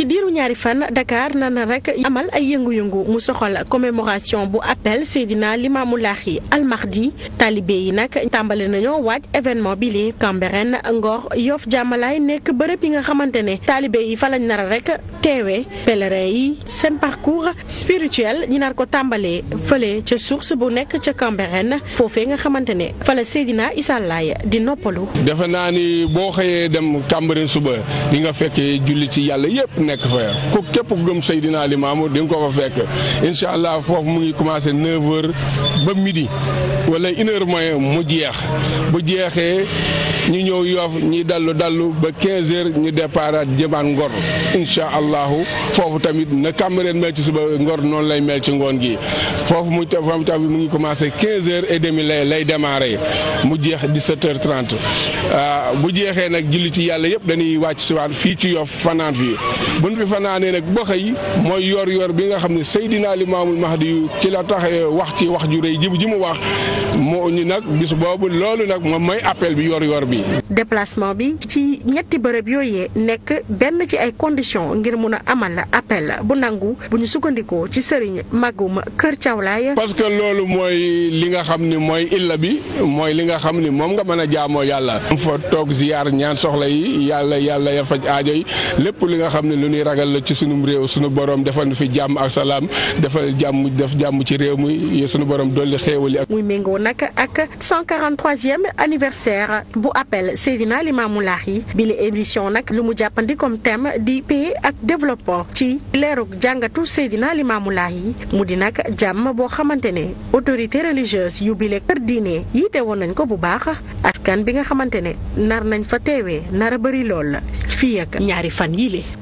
ci diiru ñaari fan Dakar na na rek amal ay yëngu-yëngu mu soxal commémoration bu appel Seydina Limaamu Laahi di taalibe yi nag tàmbali nañoo waaj événement bi lii Cambérène Ngor Yoff Jàmmalaay nekk bërëb yi nga xamante ne taalibe yi fa lañ nar a rek teewee pèlerin yi seen parcours spirituel ñi nar ko tàmbalee fële ca source bu nekk ca Cambérène foofee nga xamante ne fa la Seydina Issa Laay di noppalu. defe naa ni boo xëyee dem Cambérène nekk fa ya ku képp ku gëm Seydina Limaamu di nga ko fa fekk incha allah foofu mu ngi commencé 9 ba midi wala une heure mu jeex bu jeexee. ñu ñëw yoof ñi dallu dallu ba 15 heures ñu départ jëmaat Ngor incha allahu foofu tamit na Cambérène mel ci suba Ngor noonu lay mel ci ngoon gi foofu mu fam taw bi mu ngi commencé 15 heures et demi lay lay démarré mu jeex 17 heures 30 ah, bu jeexee nag julli ci yàlla yëpp dañuy wàcc si waat fii ci yoof fanaan fii buñ fi fanaanee nag ba xëy mooy yor yor bi nga xam ne Seydina Limaamul Mahdi yu ci la tax eh, wax ci wax ju rëy ji ji mu wax moo ñu nag bis boobu loolu nag moom mooy appel bi yor yor bi yi. déplacement bi ci ñetti bërëb yooyee nekk benn ci ay conditions ngir mun a amal appel bu nangu bu ñu sukkandikoo ci sëriñ Magum Kër Thiawlaay. parce que loolu mooy li nga xam ni mooy illa bi mooy li nga xam ni moom nga mën a jaamoo yàlla. mu fa toog ziyaar ñaan soxla yi yàlla yàlla ya faj aajo yi lépp li nga xam ne lu ñuy ragal la ci sunum réew sunu borom defal nu fi jàmm ak salaam defal jàmm def jàmm ci réew mi sunu borom dolli xéewal ak muy méngoo nag ak 143e anniversaire bu appel. appel Seydina Limamou Laye yi la émission nag lu mu jàppandikoom comme di paix ak développement ci leerug jàngatu Seydina Limamou yi mu di nag jàmm boo xamante ne autorité religieuse yu bile kër diine te woon nañ ko bu baax askan bi nga xamante ne nar nañ fa teewee nar a bëri lool fi ak ñaari fan yii